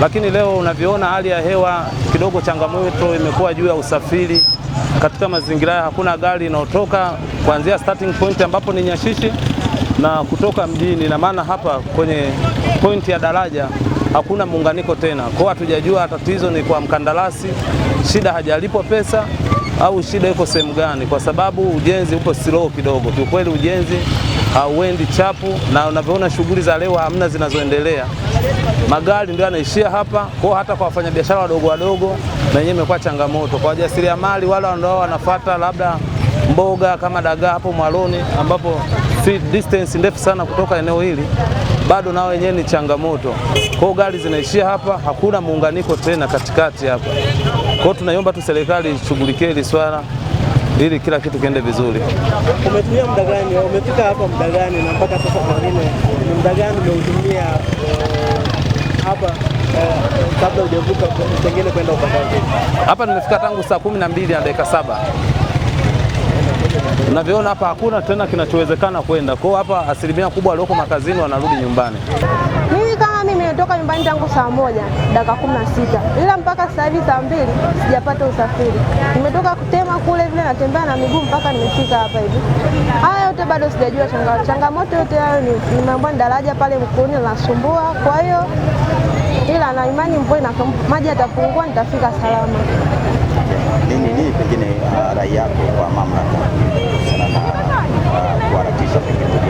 lakini leo unavyoona hali ya hewa kidogo changamoto imekuwa juu ya usafiri katika mazingira, hakuna gari inayotoka kuanzia starting point ambapo ni Nyashishi na kutoka mjini, na maana hapa kwenye pointi ya daraja hakuna muunganiko tena. Kwa hatujajua tatizo ni kwa mkandarasi, shida hajalipwa pesa au shida iko sehemu gani, kwa sababu ujenzi uko slow kidogo. Kiukweli ujenzi hauendi chapu, na unavyoona shughuli za leo hamna zinazoendelea, magari ndio yanaishia hapa. Kwa hata kwa wafanyabiashara wadogo wadogo, na yenyewe imekuwa changamoto kwa wajasiriamali wale ambao wanafuata labda mboga kama dagaa hapo Mwaloni, ambapo si distance ndefu sana kutoka eneo hili, bado nao wenyewe ni changamoto. Kwa gari zinaishia hapa, hakuna muunganiko tena katikati hapa. Kwa hiyo tunaiomba tu serikali ishughulikie hili swala ili kila kitu kiende vizuri. Umetumia muda gani? Umefika hapa muda gani? na mpaka sasa pengine ni muda gani umeutumia eh, hapa eh, kabla hujavuka pengine kwenda upande Hapa nimefika tangu saa kumi na mbili na dakika saba navyoona hapa hakuna tena kinachowezekana kwenda kwao. Hapa asilimia kubwa walioko makazini wanarudi nyumbani nimetoka nyumbani tangu saa moja dakika kumi na sita ila mpaka sasa hivi saa mbili sijapata usafiri. Nimetoka kutema kule vile, natembea na miguu mpaka nimefika hapa hivi. Haya yote bado sijajua changamoto, changamoto yote hayo ni nimeambiwa ni daraja pale Mkuuni linasumbua, kwa hiyo ila na imani mvua na maji yatapungua, nitafika salama. Nini nini pengine ah, rai yako kwa mamlaka ah, kuharakisha pengine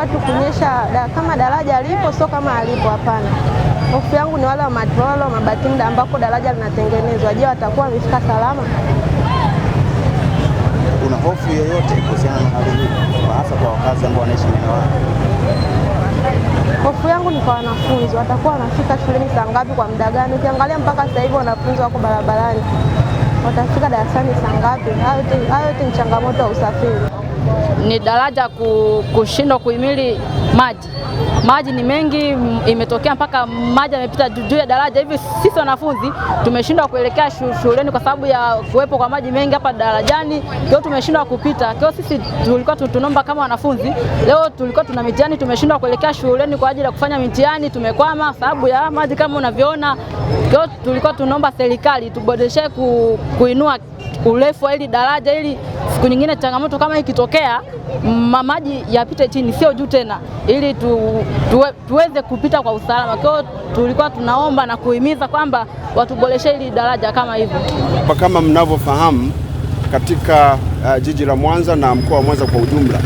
haikuwa tu kunyesha da, kama daraja alipo, sio kama alipo, hapana. Hofu yangu ni wale wa Matola Mabatimda ambako daraja linatengenezwa. Je, watakuwa wamefika salama? Una hofu yoyote kuhusiana na hali hii, hasa kwa wakazi ambao wanaishi maeneo haya? Hofu yangu ni kwa wanafunzi, watakuwa wanafika shuleni saa ngapi, kwa muda gani? Ukiangalia mpaka sasa hivi wanafunzi wako barabarani, watafika darasani saa ngapi? Hayo yote ni changamoto ya usafiri ni daraja kushindwa kuhimili maji. Maji ni mengi, imetokea mpaka maji yamepita juu ya daraja. Hivi sisi wanafunzi tumeshindwa kuelekea shuleni kwa sababu ya kuwepo kwa maji mengi hapa darajani, leo tumeshindwa kupita. Kwa sisi tulikuwa tunaomba kama wanafunzi, leo tulikuwa tuna mitihani, tumeshindwa kuelekea shuleni kwa ajili ya kufanya mitihani, tumekwama sababu ya maji kama unavyoona. Kwa tulikuwa tunaomba serikali tuboreshe kuinua urefu wa hili daraja ili siku nyingine changamoto kama ikitokea mamaji yapite chini, sio juu tena, ili tu, tuwe, tuweze kupita kwa usalama. Kwa hiyo tulikuwa tunaomba na kuhimiza kwamba watuboreshe hili daraja kama hivyo. Kwa kama mnavyofahamu katika uh, jiji la Mwanza na mkoa wa Mwanza kwa ujumla,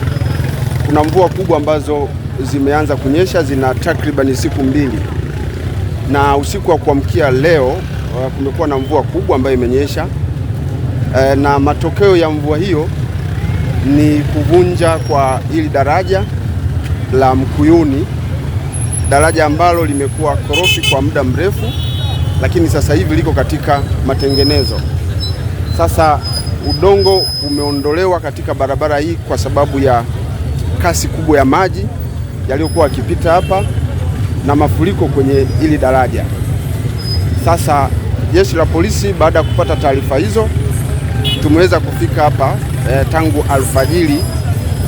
kuna mvua kubwa ambazo zimeanza kunyesha, zina takribani siku mbili, na usiku wa kuamkia leo uh, kumekuwa na mvua kubwa ambayo imenyesha e, na matokeo ya mvua hiyo ni kuvunja kwa hili daraja la Mkuyuni, daraja ambalo limekuwa korofi kwa muda mrefu, lakini sasa hivi liko katika matengenezo. Sasa udongo umeondolewa katika barabara hii kwa sababu ya kasi kubwa ya maji yaliyokuwa yakipita hapa na mafuriko kwenye hili daraja. Sasa jeshi la polisi baada ya kupata taarifa hizo tumeweza kufika hapa eh, tangu alfajiri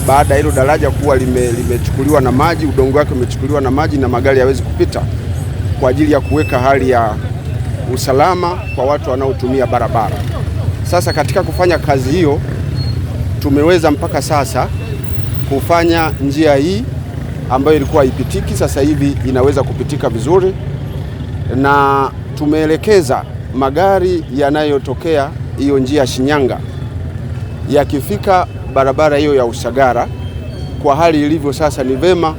baada ya hilo daraja kuwa limechukuliwa lime na maji, udongo wake umechukuliwa na maji na magari hayawezi kupita, kwa ajili ya kuweka hali ya usalama kwa watu wanaotumia barabara. Sasa katika kufanya kazi hiyo tumeweza mpaka sasa kufanya njia hii ambayo ilikuwa haipitiki, sasa hivi inaweza kupitika vizuri, na tumeelekeza magari yanayotokea hiyo njia ya Shinyanga, yakifika barabara hiyo ya Usagara kwa hali ilivyo sasa, ni vema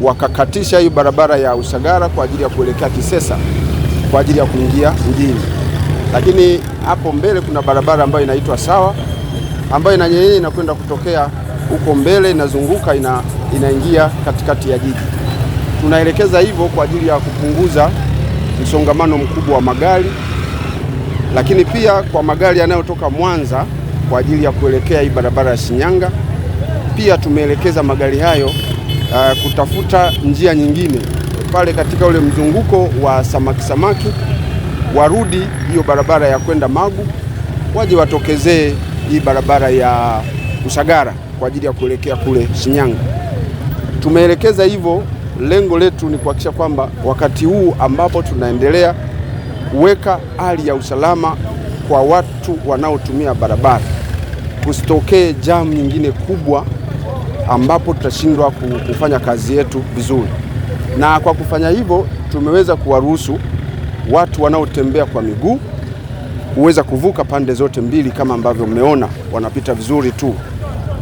wakakatisha hiyo barabara ya Usagara kwa ajili ya kuelekea Kisesa kwa ajili ya kuingia mjini. Lakini hapo mbele kuna barabara ambayo inaitwa Sawa ambayo inanyenyea inakwenda kutokea huko mbele, inazunguka ina, inaingia katikati ya jiji. Tunaelekeza hivyo kwa ajili ya kupunguza msongamano mkubwa wa magari lakini pia kwa magari yanayotoka Mwanza kwa ajili ya kuelekea hii barabara ya Shinyanga, pia tumeelekeza magari hayo uh, kutafuta njia nyingine pale katika ule mzunguko wa samaki samaki, warudi hiyo barabara ya kwenda Magu, waje watokezee hii barabara ya Usagara kwa ajili ya kuelekea kule Shinyanga. Tumeelekeza hivyo, lengo letu ni kuhakikisha kwamba wakati huu ambapo tunaendelea kuweka hali ya usalama kwa watu wanaotumia barabara, kusitokee jamu nyingine kubwa ambapo tutashindwa kufanya kazi yetu vizuri. Na kwa kufanya hivyo, tumeweza kuwaruhusu watu wanaotembea kwa miguu huweza kuvuka pande zote mbili kama ambavyo mmeona wanapita vizuri tu,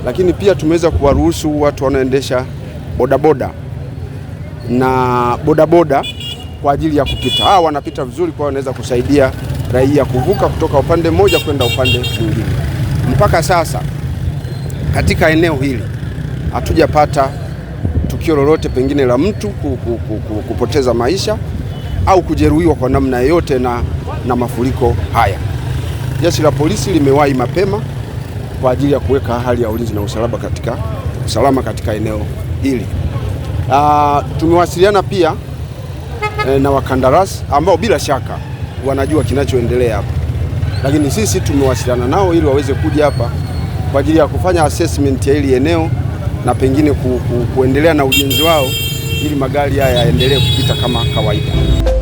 lakini pia tumeweza kuwaruhusu watu wanaoendesha bodaboda na bodaboda kwa ajili ya kupita. Hawa wanapita vizuri, kwa wanaweza kusaidia raia kuvuka kutoka upande mmoja kwenda upande mwingine. Mpaka sasa katika eneo hili hatujapata tukio lolote pengine la mtu kupoteza maisha au kujeruhiwa kwa namna yoyote na, na mafuriko haya. Jeshi la polisi limewahi mapema kwa ajili ya kuweka hali ya ulinzi na usalama katika, usalama katika eneo hili. Uh, tumewasiliana pia e, na wakandarasi ambao bila shaka wanajua kinachoendelea hapa, lakini sisi tumewasiliana nao ili waweze kuja hapa kwa ajili ya kufanya assessment ya hili eneo na pengine ku, ku, kuendelea na ujenzi wao ili magari haya yaendelee kupita kama kawaida.